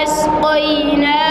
وأسقيناه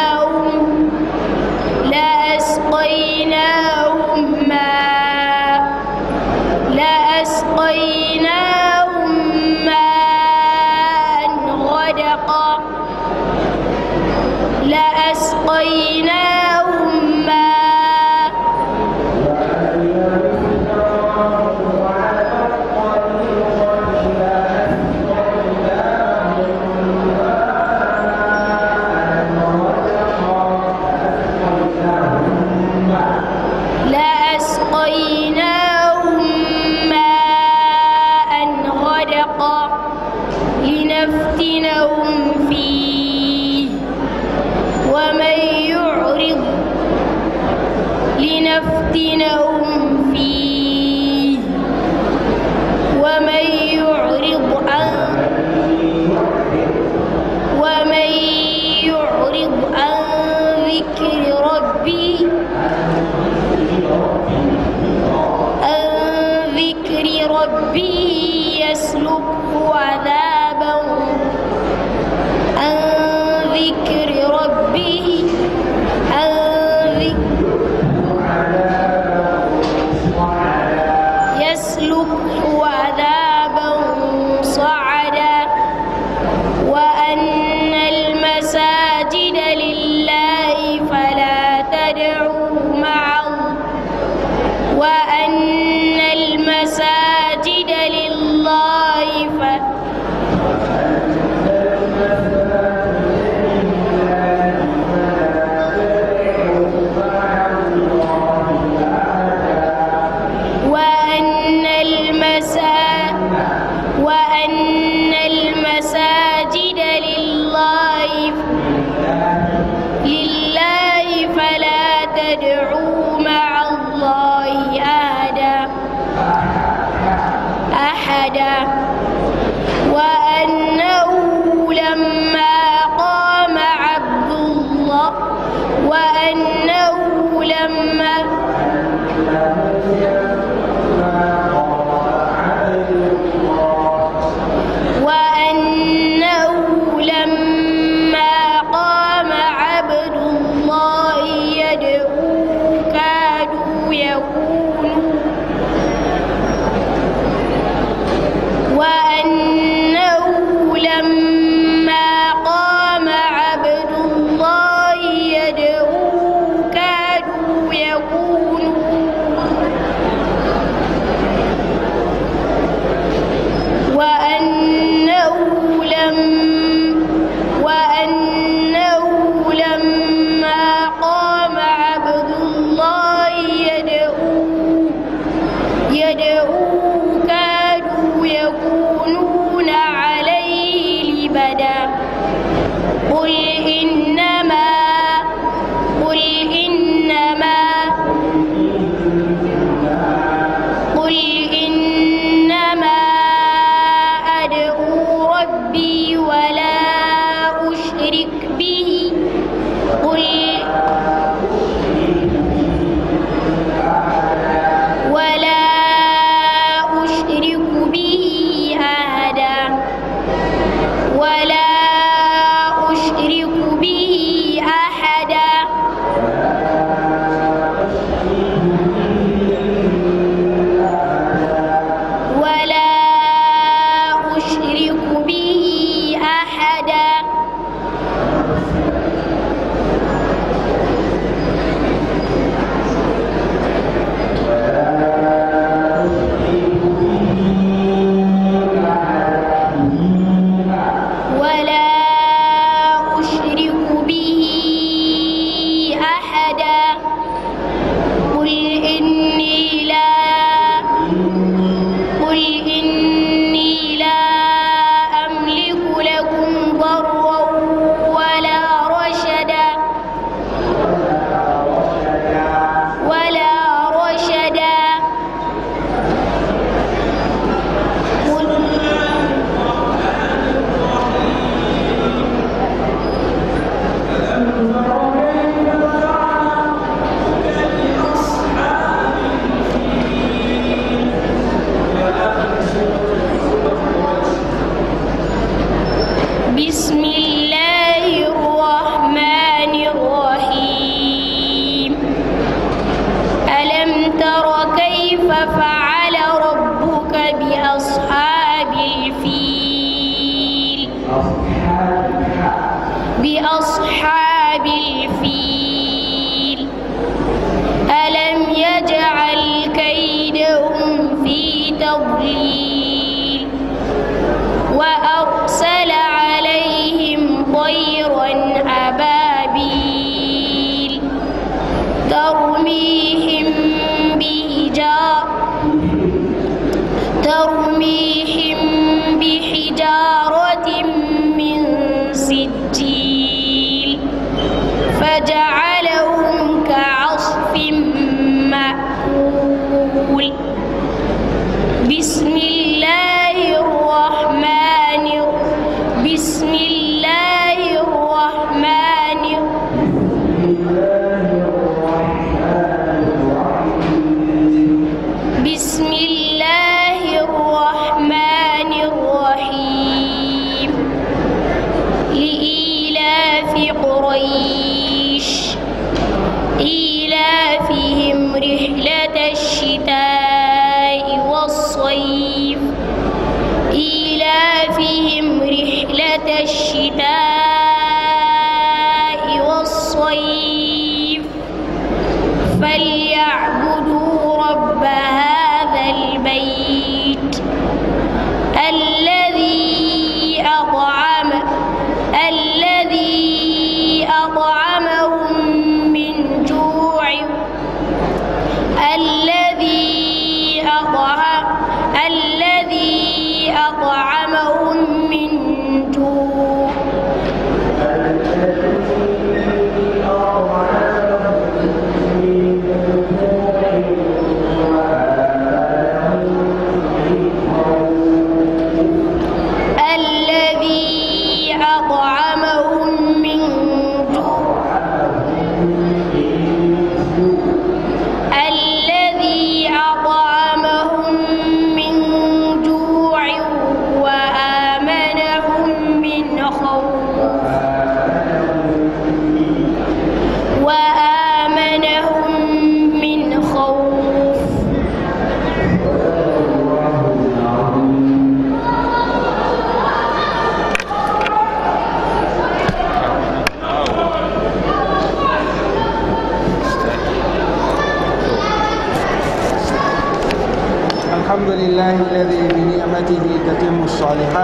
Gracias.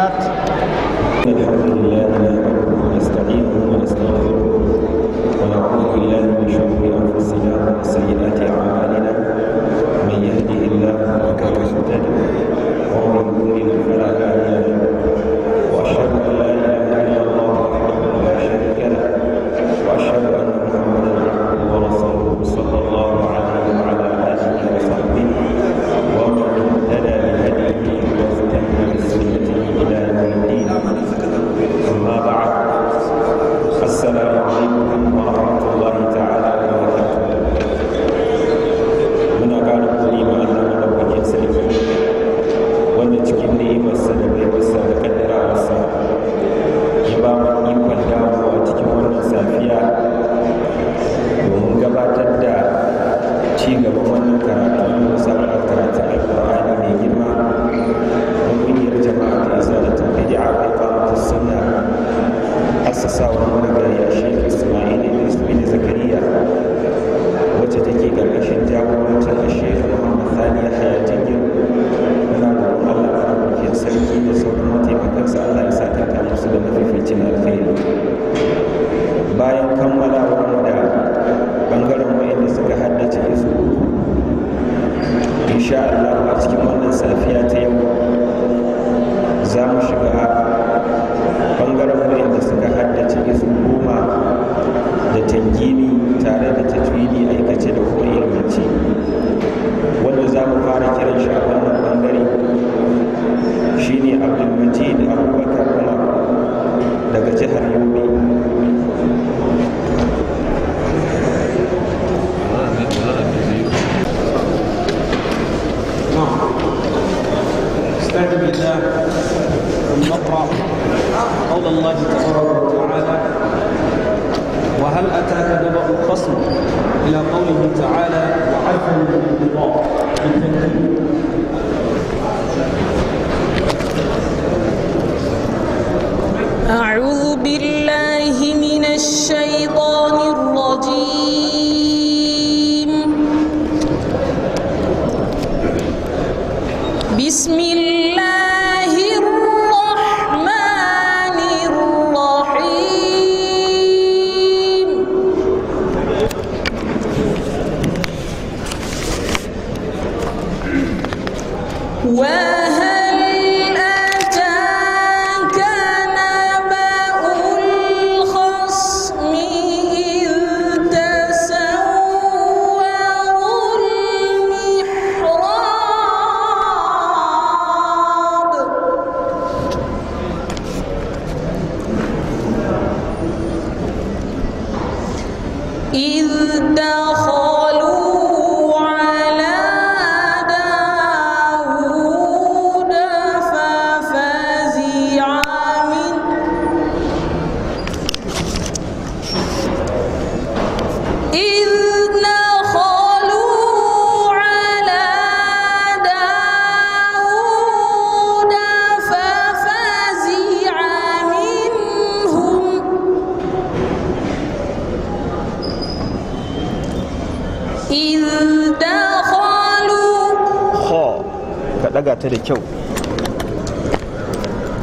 ta da kyau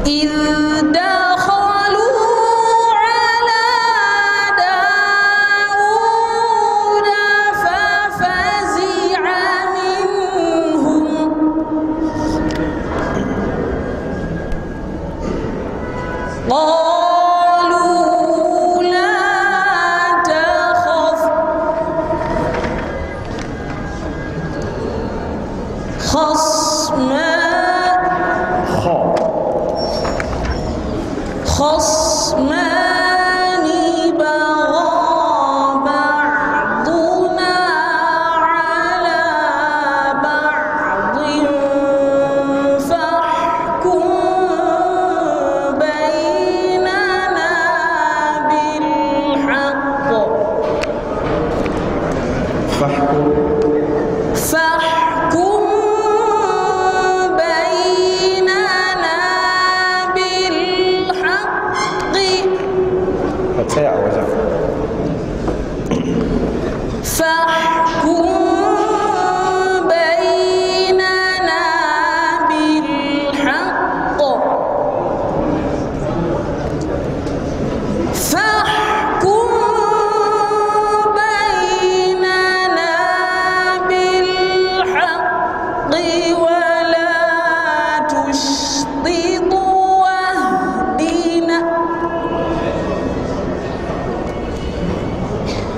إذ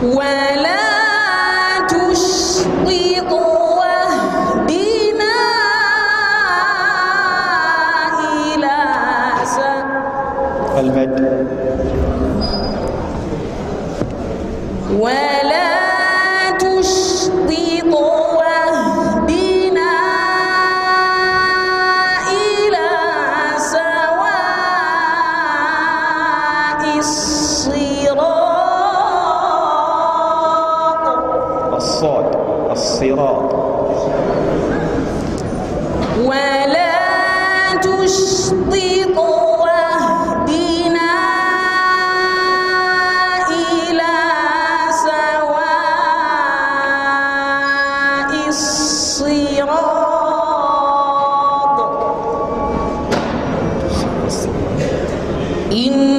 ولا إن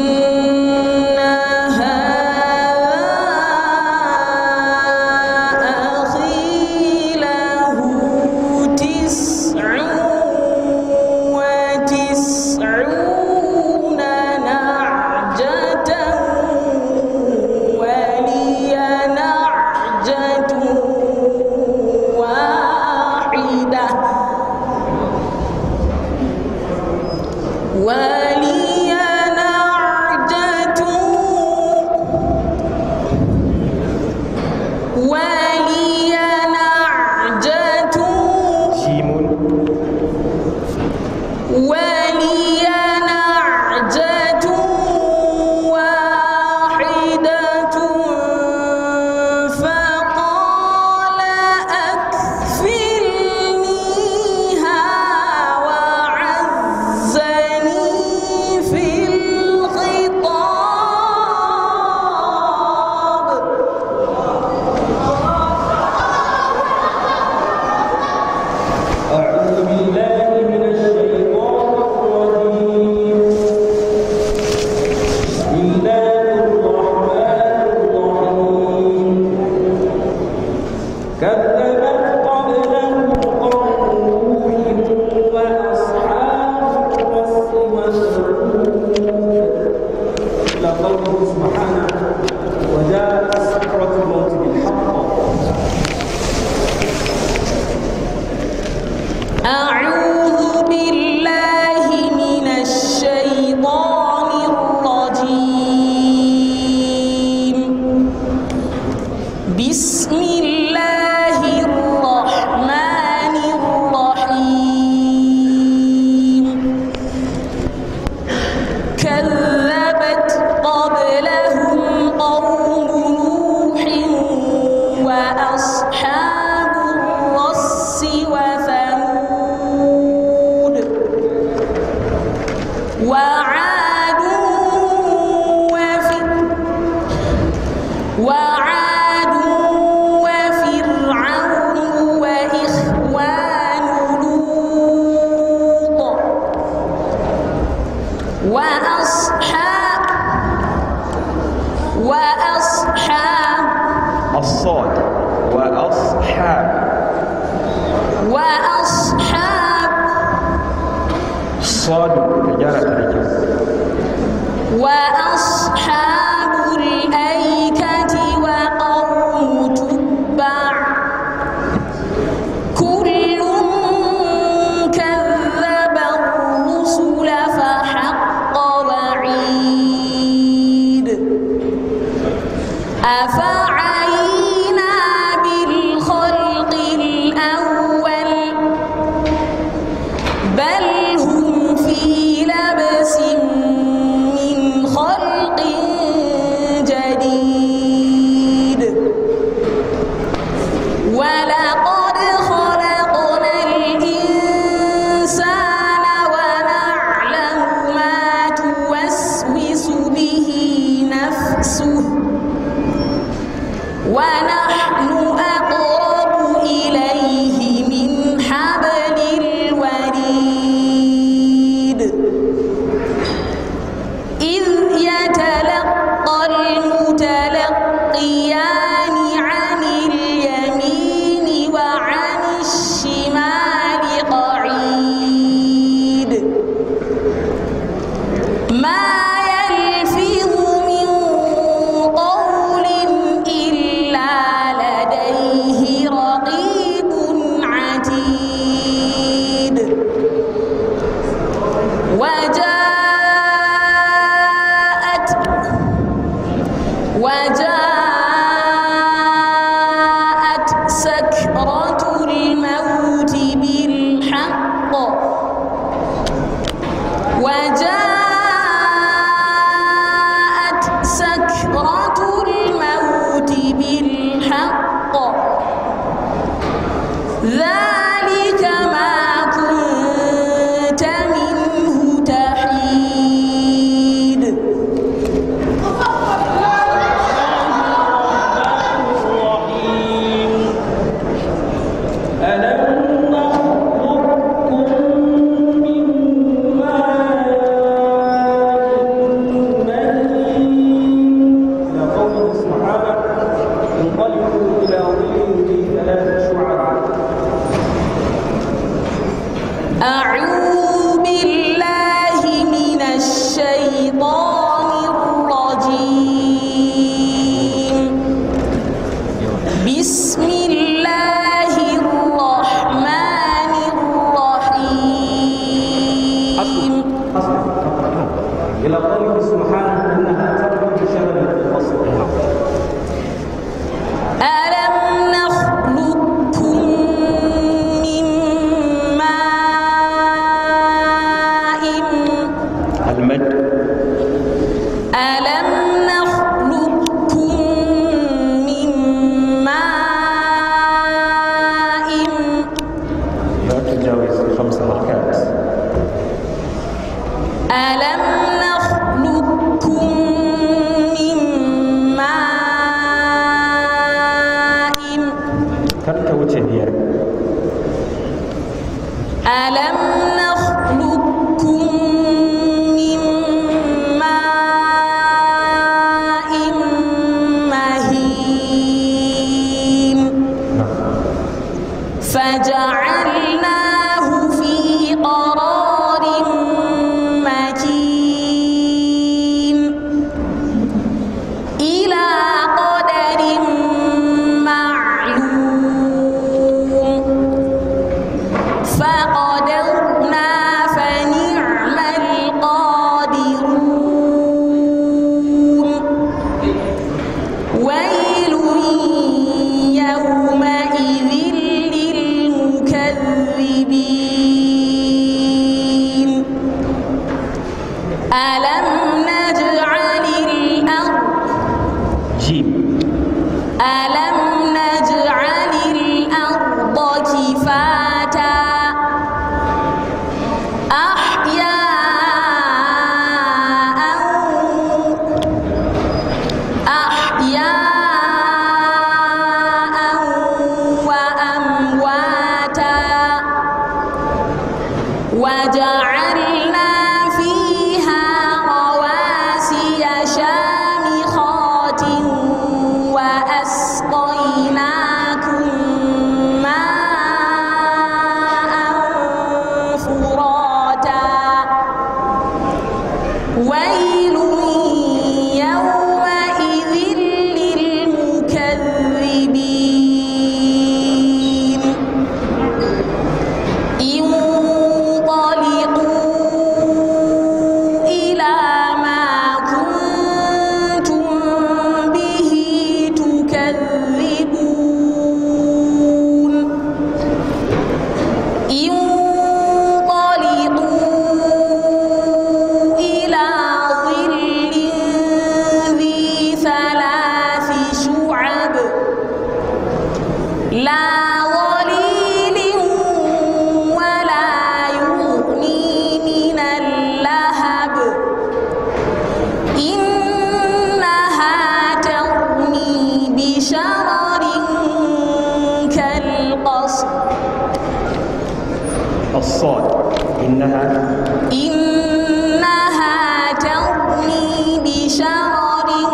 إنها إنها ترمي بشرر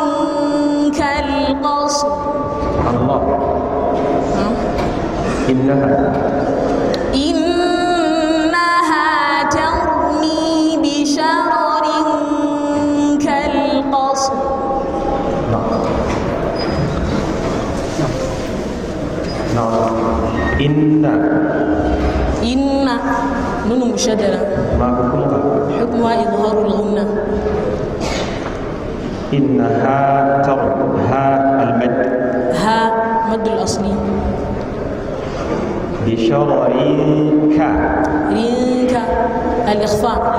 كالقصر الله إنها نونو مشددة ما حكمها؟ حكمها إظهار الغنة إن ها ترد ها المد ها مد الأصلي بشرى رينكا رينكا الإخفاء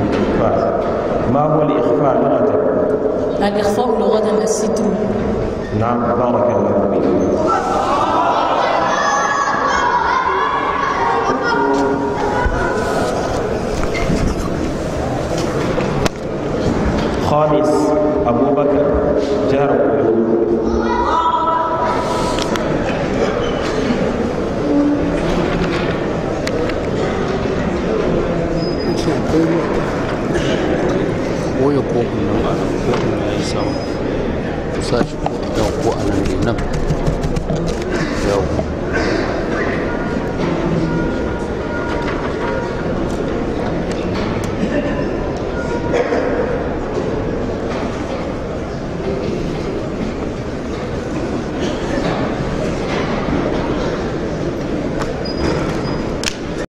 الإخفاء ما هو الإخفاء لغة؟ الإخفاء لغة الستر نعم بارك الله فيك